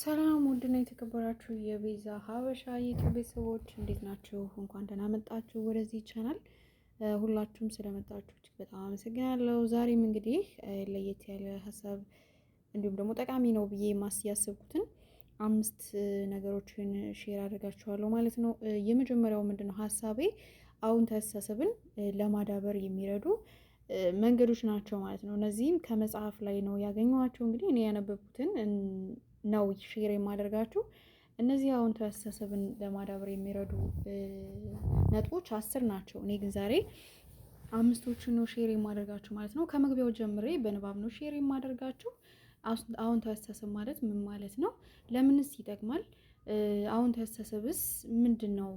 ሰላም ውድና የተከበራችሁ የቤዛ ሀበሻ የኢትዮ ቤተሰቦች እንዴት ናችሁ? እንኳን ደህና መጣችሁ ወደዚህ ቻናል። ሁላችሁም ስለመጣችሁ እጅግ በጣም አመሰግናለሁ። ዛሬም እንግዲህ ለየት ያለ ሀሳብ እንዲሁም ደግሞ ጠቃሚ ነው ብዬ ማስ ያስብኩትን አምስት ነገሮችን ሼር አድርጋችኋለሁ ማለት ነው። የመጀመሪያው ምንድን ነው ሀሳቤ አሁን ተሳሰብን ለማዳበር የሚረዱ መንገዶች ናቸው ማለት ነው። እነዚህም ከመጽሐፍ ላይ ነው ያገኘኋቸው። እንግዲህ እኔ ያነበብኩትን ነው ሼር የማደርጋችሁ። እነዚህ አሁን ተስተሳሰብን ለማዳበር የሚረዱ ነጥቦች አስር ናቸው። እኔ ግን ዛሬ አምስቶቹ ነው ሼር የማደርጋችሁ ማለት ነው። ከመግቢያው ጀምሬ በንባብ ነው ሼር የማደርጋችሁ። አሁን አስተሳሰብ ማለት ምን ማለት ነው? ለምንስ ይጠቅማል? አሁን አስተሳሰብስ ምንድን ነው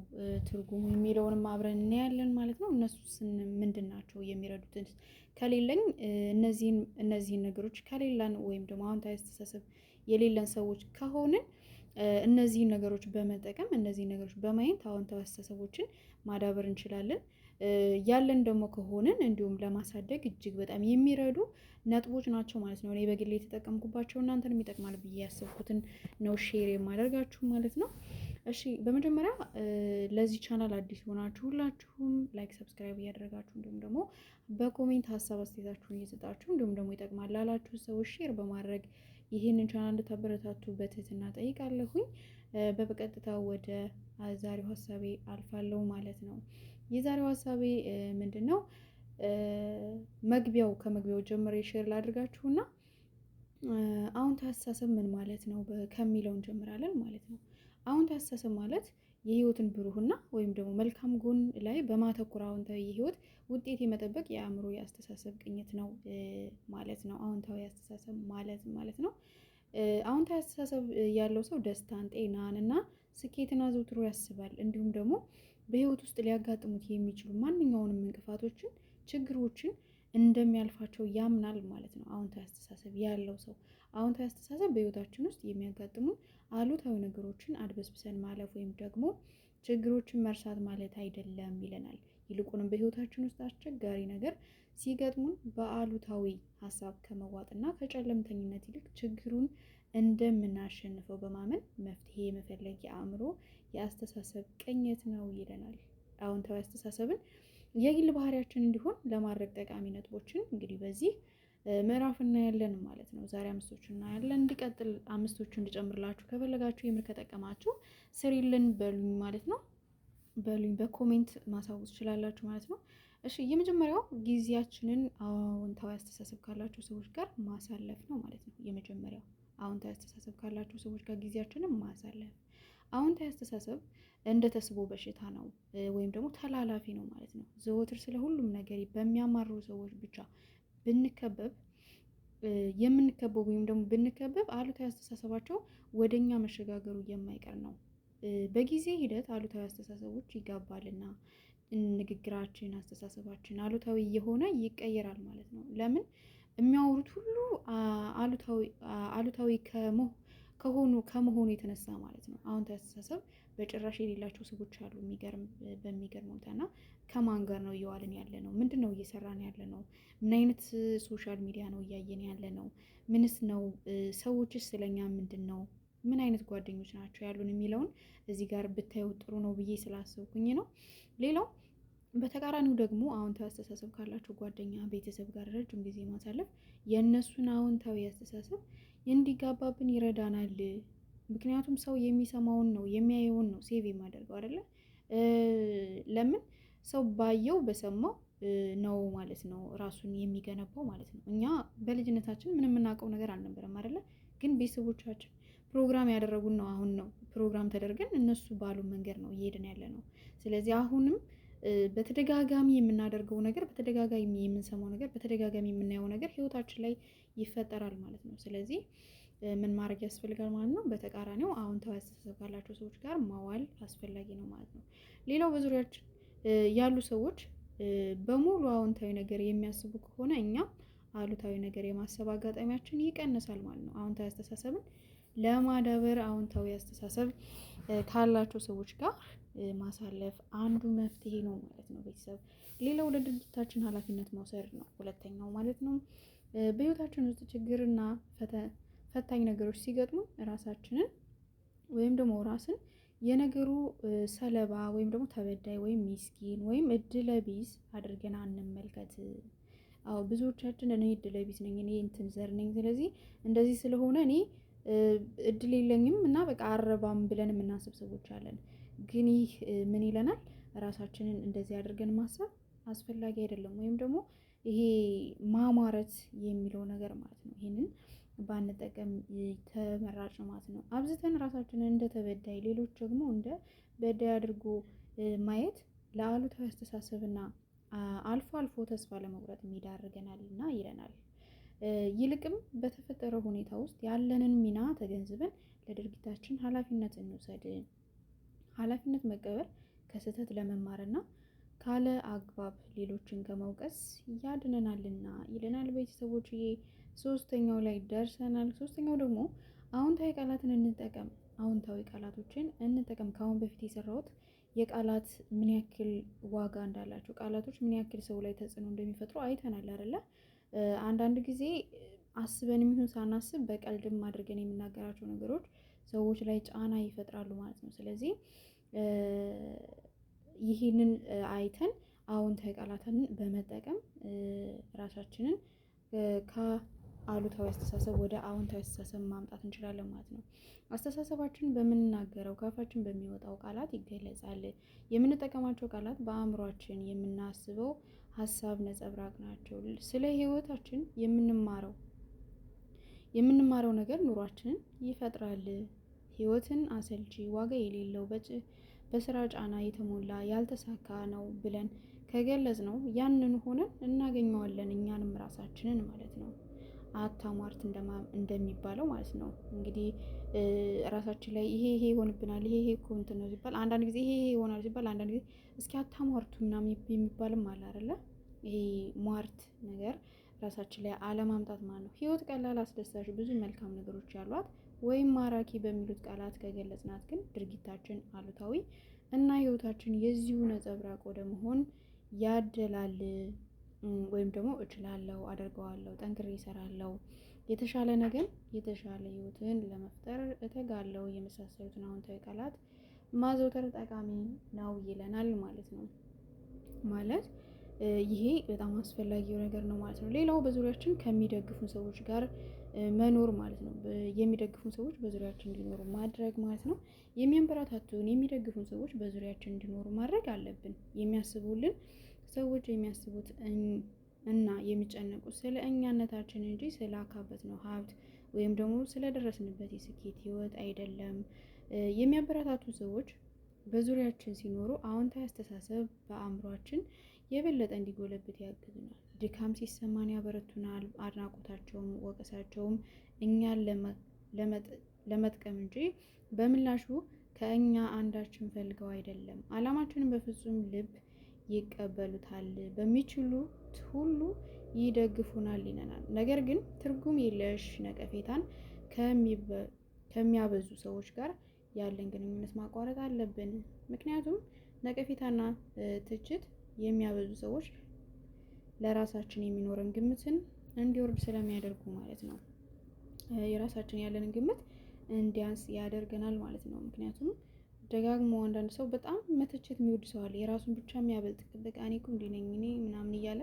ትርጉሙ የሚለውንም አብረን እናያለን ማለት ነው። እነሱስ ምንድን ናቸው የሚረዱትን ከሌለኝ እነዚህን እነዚህን ነገሮች ከሌላን ወይም ደግሞ አሁን አስተሳሰብ የሌለን ሰዎች ከሆንን እነዚህን ነገሮች በመጠቀም እነዚህን ነገሮች በማየት አዎንታዊ አስተሳሰቦችን ማዳበር እንችላለን። ያለን ደግሞ ከሆንን እንዲሁም ለማሳደግ እጅግ በጣም የሚረዱ ነጥቦች ናቸው ማለት ነው። እኔ በግሌ የተጠቀምኩባቸው እናንተን ይጠቅማል ብዬ ያሰብኩትን ነው ሼር የማደርጋችሁ ማለት ነው። እሺ በመጀመሪያ ለዚህ ቻናል አዲስ ሆናችሁ ሁላችሁም ላይክ፣ ሰብስክራይብ እያደረጋችሁ እንዲሁም ደግሞ በኮሜንት ሀሳብ አስተያየታችሁን እየሰጣችሁ እንዲሁም ደግሞ ይጠቅማል ላላችሁ ሰዎች ሼር በማድረግ ይህንን ቻናል እንድታበረታቱ በትህትና ጠይቃለሁኝ። በቀጥታ ወደ ዛሬው ሀሳቤ አልፋለሁ ማለት ነው። የዛሬው ሀሳቤ ምንድን ነው? መግቢያው ከመግቢያው ጀምሬ ሼር ላድርጋችሁና አዎንታዊ አስተሳሰብ ምን ማለት ነው ከሚለው እንጀምራለን ማለት ነው። አዎንታዊ አስተሳሰብ ማለት የህይወትን ብሩህና ወይም ደግሞ መልካም ጎን ላይ በማተኮር አዎንታዊ የህይወት ውጤት የመጠበቅ የአእምሮ የአስተሳሰብ ቅኝት ነው ማለት ነው። አዎንታዊ አስተሳሰብ ማለት ማለት ነው። አዎንታዊ አስተሳሰብ ያለው ሰው ደስታን፣ ጤናን እና ስኬትን አዘውትሮ ያስባል። እንዲሁም ደግሞ በህይወት ውስጥ ሊያጋጥሙት የሚችሉ ማንኛውንም እንቅፋቶችን፣ ችግሮችን እንደሚያልፋቸው ያምናል ማለት ነው። አዎንታዊ አስተሳሰብ ያለው ሰው አዎንታዊ አስተሳሰብ በህይወታችን ውስጥ የሚያጋጥሙ አሉታዊ ነገሮችን አድበስብሰን ማለፍ ወይም ደግሞ ችግሮችን መርሳት ማለት አይደለም ይለናል። ይልቁንም በህይወታችን ውስጥ አስቸጋሪ ነገር ሲገጥሙን በአሉታዊ ሀሳብ ከመዋጥና ከጨለምተኝነት ይልቅ ችግሩን እንደምናሸንፈው በማመን መፍትሄ የመፈለግ የአእምሮ የአስተሳሰብ ቅኝት ነው ይለናል። አዎንታዊ አስተሳሰብን የግል ባህሪያችን እንዲሆን ለማድረግ ጠቃሚ ነጥቦችን እንግዲህ በዚህ ምዕራፍ እናያለን ማለት ነው። ዛሬ አምስቶቹ እናያለን። እንዲቀጥል አምስቶቹ እንዲጨምርላችሁ ከፈለጋችሁ የምር ከጠቀማችሁ ስሪልን በሉኝ ማለት ነው። በሉኝ በኮሜንት ማሳወቅ ትችላላችሁ ማለት ነው። እሺ የመጀመሪያው ጊዜያችንን አዎንታዊ አስተሳሰብ ካላቸው ሰዎች ጋር ማሳለፍ ነው ማለት ነው። የመጀመሪያው አዎንታዊ አስተሳሰብ ካላቸው ሰዎች ጋር ጊዜያችንን ማሳለፍ። አዎንታዊ አስተሳሰብ እንደ ተስቦ በሽታ ነው ወይም ደግሞ ተላላፊ ነው ማለት ነው። ዘወትር ስለ ሁሉም ነገር በሚያማሩ ሰዎች ብቻ ብንከበብ የምንከበብ ወይም ደግሞ ብንከበብ አሉታዊ አስተሳሰባቸው ወደ እኛ መሸጋገሩ የማይቀር ነው። በጊዜ ሂደት አሉታዊ አስተሳሰቦች ይጋባልና ንግግራችን፣ አስተሳሰባችን አሉታዊ እየሆነ ይቀየራል ማለት ነው። ለምን የሚያወሩት ሁሉ አሉታዊ ከሆኑ ከመሆኑ የተነሳ ማለት ነው። አሁን አስተሳሰብ በጭራሽ የሌላቸው ሰዎች አሉ። የሚገርም በሚገርም ሁኔታና ከማን ጋር ነው እየዋልን ያለ ነው? ምንድን ነው እየሰራን ያለ ነው? ምን አይነት ሶሻል ሚዲያ ነው እያየን ያለ ነው? ምንስ ነው ሰዎችስ ስለኛ ምንድን ነው ምን አይነት ጓደኞች ናቸው ያሉን የሚለውን እዚህ ጋር ብታየው ጥሩ ነው ብዬ ስላሰብኩኝ ነው። ሌላው በተቃራኒው ደግሞ አዎንታዊ አስተሳሰብ ካላቸው ጓደኛ፣ ቤተሰብ ጋር ረጅም ጊዜ ማሳለፍ የእነሱን አዎንታዊ አስተሳሰብ እንዲጋባብን ይረዳናል። ምክንያቱም ሰው የሚሰማውን ነው የሚያየውን ነው ሴቭ የማደርገው አይደለ? ለምን ሰው ባየው በሰማው ነው ማለት ነው ራሱን የሚገነባው ማለት ነው። እኛ በልጅነታችን ምንም የምናውቀው ነገር አልነበረም አይደለ? ግን ቤተሰቦቻችን ፕሮግራም ያደረጉን ነው። አሁን ነው ፕሮግራም ተደርገን እነሱ ባሉ መንገድ ነው እየሄድን ያለ ነው። ስለዚህ አሁንም በተደጋጋሚ የምናደርገው ነገር፣ በተደጋጋሚ የምንሰማው ነገር፣ በተደጋጋሚ የምናየው ነገር ህይወታችን ላይ ይፈጠራል ማለት ነው። ስለዚህ ምን ማድረግ ያስፈልጋል ማለት ነው። በተቃራኒው አዎንታዊ አስተሳሰብ ካላቸው ሰዎች ጋር ማዋል አስፈላጊ ነው ማለት ነው። ሌላው በዙሪያችን ያሉ ሰዎች በሙሉ አዎንታዊ ነገር የሚያስቡ ከሆነ እኛም አሉታዊ ነገር የማሰብ አጋጣሚያችን ይቀንሳል ማለት ነው። አዎንታዊ አስተሳሰብን ለማዳበር አዎንታዊ አስተሳሰብ ካላቸው ሰዎች ጋር ማሳለፍ አንዱ መፍትሄ ነው ማለት ነው። ቤተሰብ ሌላው ለድርጅታችን ኃላፊነት መውሰድ ነው ሁለተኛው ማለት ነው። በህይወታችን ውስጥ ችግርና ፈተና ፈታኝ ነገሮች ሲገጥሙ ራሳችንን ወይም ደግሞ ራስን የነገሩ ሰለባ ወይም ደግሞ ተበዳይ ወይም ሚስኪን ወይም እድለቢስ አድርገን አንመልከት። አዎ ብዙዎቻችን እኔ እድለቢስ ነኝ፣ እኔ እንትን ዘር ነኝ፣ ስለዚህ እንደዚህ ስለሆነ እኔ እድል የለኝም እና በቃ አረባም ብለን የምናስብ ሰዎች አለን። ግን ይህ ምን ይለናል? ራሳችንን እንደዚህ አድርገን ማሰብ አስፈላጊ አይደለም። ወይም ደግሞ ይሄ ማማረት የሚለው ነገር ማለት ነው ይህንን ባንጠቀም ተመራጭ ማለት ነው። አብዝተን ራሳችንን እንደ ተበዳይ፣ ሌሎች ደግሞ እንደ በዳይ አድርጎ ማየት ለአሉታዊ አስተሳሰብና አልፎ አልፎ ተስፋ ለመቁረጥ የሚዳርገናል እና ይለናል። ይልቅም በተፈጠረው ሁኔታ ውስጥ ያለንን ሚና ተገንዝበን ለድርጊታችን ኃላፊነት እንውሰድ። ኃላፊነት መቀበል ከስህተት ለመማርና ካለ አግባብ ሌሎችን ከመውቀስ ያድነናልና ይለናል ቤተሰቦችዬ። ሶስተኛው ላይ ደርሰናል። ሶስተኛው ደግሞ አዎንታዊ ቃላትን እንጠቀም፣ አዎንታዊ ቃላቶችን እንጠቀም። ከአሁን በፊት የሰራሁት የቃላት ምን ያክል ዋጋ እንዳላቸው ቃላቶች ምን ያክል ሰው ላይ ተጽዕኖ እንደሚፈጥሩ አይተናል አይደለ? አንዳንድ ጊዜ አስበን የሚሆን ሳናስብ በቀልድም አድርገን የምናገራቸው ነገሮች ሰዎች ላይ ጫና ይፈጥራሉ ማለት ነው። ስለዚህ ይህንን አይተን አዎንታዊ ቃላትን በመጠቀም ራሳችንን አሉታዊ አስተሳሰብ ወደ አዎንታዊ አስተሳሰብ ማምጣት እንችላለን ማለት ነው። አስተሳሰባችን በምንናገረው ከአፋችን በሚወጣው ቃላት ይገለጻል። የምንጠቀማቸው ቃላት በአእምሯችን የምናስበው ሀሳብ ነጸብራቅ ናቸው። ስለ ህይወታችን የምንማረው የምንማረው ነገር ኑሯችንን ይፈጥራል። ህይወትን አሰልቺ፣ ዋጋ የሌለው በስራ ጫና የተሞላ ያልተሳካ ነው ብለን ከገለጽ ነው ያንን ሆነን እናገኘዋለን እኛንም ራሳችንን ማለት ነው። አታሟርት እንደሚባለው ማለት ነው። እንግዲህ ራሳችን ላይ ይሄ ይሄ ይሆንብናል፣ ይሄ ይሄ እኮ እንትን ነው ሲባል አንዳንድ ጊዜ ይሄ ይሄ ይሆናል ሲባል አንዳንድ ጊዜ እስኪ አታሟርቱ ምናምን የሚባልም አለ አይደለ? ይሄ ሟርት ነገር ራሳችን ላይ አለማምጣት ማለት ነው። ህይወት ቀላል፣ አስደሳች፣ ብዙ መልካም ነገሮች ያሏት ወይም ማራኪ በሚሉት ቃላት ከገለጽናት ግን ድርጊታችን አሉታዊ እና ህይወታችን የዚሁ ነጸብራቅ ወደ መሆን ያደላል። ወይም ደግሞ እችላለሁ፣ አደርገዋለሁ፣ ጠንክሬ እሰራለሁ፣ የተሻለ ነገር የተሻለ ህይወትን ለመፍጠር እተጋለሁ የመሳሰሉትን አዎንታዊ ቃላት ማዘውተር ጠቃሚ ነው ይለናል ማለት ነው። ማለት ይሄ በጣም አስፈላጊው ነገር ነው ማለት ነው። ሌላው በዙሪያችን ከሚደግፉን ሰዎች ጋር መኖር ማለት ነው። የሚደግፉን ሰዎች በዙሪያችን እንዲኖሩ ማድረግ ማለት ነው። የሚያንበረታቱን የሚደግፉን ሰዎች በዙሪያችን እንዲኖሩ ማድረግ አለብን። የሚያስቡልን ሰዎች የሚያስቡት እና የሚጨነቁት ስለ እኛነታችን እንጂ ስለ አካበት ነው ሀብት ወይም ደግሞ ስለደረስንበት የስኬት ህይወት አይደለም። የሚያበረታቱ ሰዎች በዙሪያችን ሲኖሩ አዎንታዊ አስተሳሰብ በአእምሯችን የበለጠ እንዲጎለብት ያግዙናል። ድካም ሲሰማን ያበረቱናል። አድናቆታቸውም ወቀሳቸውም እኛን ለመጥቀም እንጂ በምላሹ ከእኛ አንዳችን ፈልገው አይደለም። አላማችንን በፍጹም ልብ ይቀበሉታል፣ በሚችሉት ሁሉ ይደግፉናል ይለናል። ነገር ግን ትርጉም የለሽ ነቀፌታን ከሚያበዙ ሰዎች ጋር ያለን ግንኙነት ማቋረጥ አለብን። ምክንያቱም ነቀፌታና ትችት የሚያበዙ ሰዎች ለራሳችን የሚኖረን ግምትን እንዲወርድ ስለሚያደርጉ ማለት ነው። የራሳችን ያለንን ግምት እንዲያንስ ያደርገናል ማለት ነው። ምክንያቱም ደጋግሞ አንዳንድ ሰው በጣም መተቸት የሚወድ ሰው አለ። የራሱን ብቻ የሚያበልጥ በቃ እኔ እኮ እንዲህ ነኝ እኔ ምናምን እያለ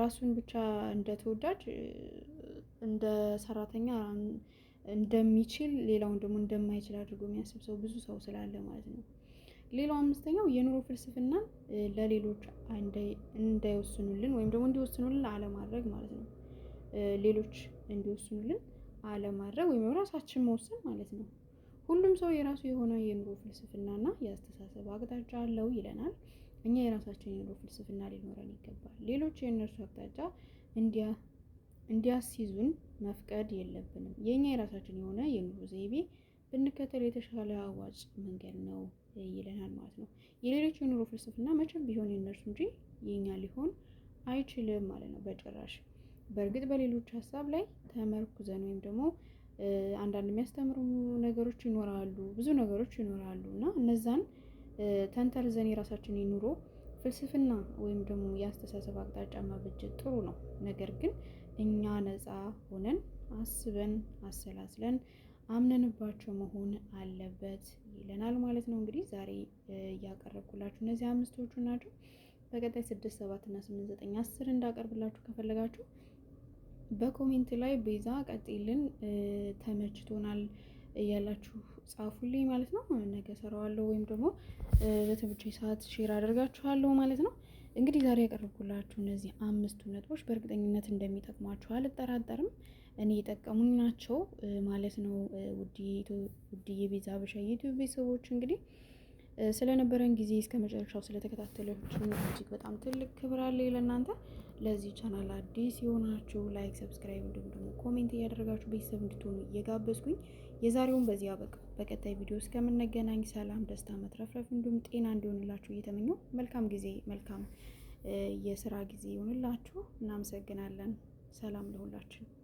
ራሱን ብቻ እንደ ተወዳጅ እንደ ሰራተኛ እንደሚችል ሌላውን ደግሞ እንደማይችል አድርጎ የሚያስብ ሰው ብዙ ሰው ስላለ ማለት ነው። ሌላው አምስተኛው የኑሮ ፍልስፍና ለሌሎች እንዳይወስኑልን ወይም ደግሞ እንዲወስኑልን አለማድረግ ማለት ነው። ሌሎች እንዲወስኑልን አለማድረግ ወይም ራሳችን መወሰን ማለት ነው። ሁሉም ሰው የራሱ የሆነ የኑሮ ፍልስፍናና የአስተሳሰብ አቅጣጫ አለው ይለናል። እኛ የራሳችን የኑሮ ፍልስፍና ሊኖረን ይገባል። ሌሎች የእነርሱ አቅጣጫ እንዲያስይዙን መፍቀድ የለብንም። የእኛ የራሳችን የሆነ የኑሮ ዘይቤ ብንከተል የተሻለ አዋጭ መንገድ ነው ይለናል ማለት ነው። የሌሎች የኑሮ ፍልስፍና መቼም ቢሆን የእነርሱ እንጂ የኛ ሊሆን አይችልም ማለት ነው በጭራሽ። በእርግጥ በሌሎች ሀሳብ ላይ ተመርኩዘን ወይም ደግሞ አንዳንድ የሚያስተምሩ ነገሮች ይኖራሉ፣ ብዙ ነገሮች ይኖራሉ እና እነዛን ተንተርዘን የራሳችን የኑሮ ፍልስፍና ወይም ደግሞ የአስተሳሰብ አቅጣጫ ማበጀት ጥሩ ነው። ነገር ግን እኛ ነፃ ሆነን አስበን አሰላስለን አምነንባቸው መሆን አለበት ይለናል ማለት ነው። እንግዲህ ዛሬ እያቀረብኩላችሁ እነዚህ አምስቶቹ ናቸው። በቀጣይ ስድስት ሰባት እና ስምንት ዘጠኝ አስር እንዳቀርብላችሁ ከፈለጋችሁ በኮሜንት ላይ ቤዛ ቀጤልን ተመችቶናል እያላችሁ ጻፉልኝ ማለት ነው። ነገ ሰራዋለሁ ወይም ደግሞ በትምህርት ሰዓት ሼር አደርጋችኋለሁ ማለት ነው። እንግዲህ ዛሬ ያቀረብኩላችሁ እነዚህ አምስቱ ነጥቦች በእርግጠኝነት እንደሚጠቅሟችሁ አልጠራጠርም። እኔ የጠቀሙኝ ናቸው ማለት ነው። ውድ የቤዛ ሀበሻ የዩቲዩብ ቤተሰቦች እንግዲህ ስለነበረን ጊዜ እስከ መጨረሻው ስለተከታተላችሁ እጅግ በጣም ትልቅ ክብር አለ ለእናንተ። ለዚህ ቻናል አዲስ የሆናችሁ ላይክ፣ ሰብስክራይብ እንዲሁም ደግሞ ኮሜንት እያደረጋችሁ ቤተሰብ እንድትሆኑ እየጋበዝኩኝ የዛሬውን በዚህ አበቃ። በቀጣይ ቪዲዮ እስከምንገናኝ ሰላም፣ ደስታ፣ መትረፍረፍ እንዲሁም ጤና እንዲሆንላችሁ እየተመኘው መልካም ጊዜ መልካም የስራ ጊዜ ይሆንላችሁ። እናመሰግናለን። ሰላም ለሁላችን።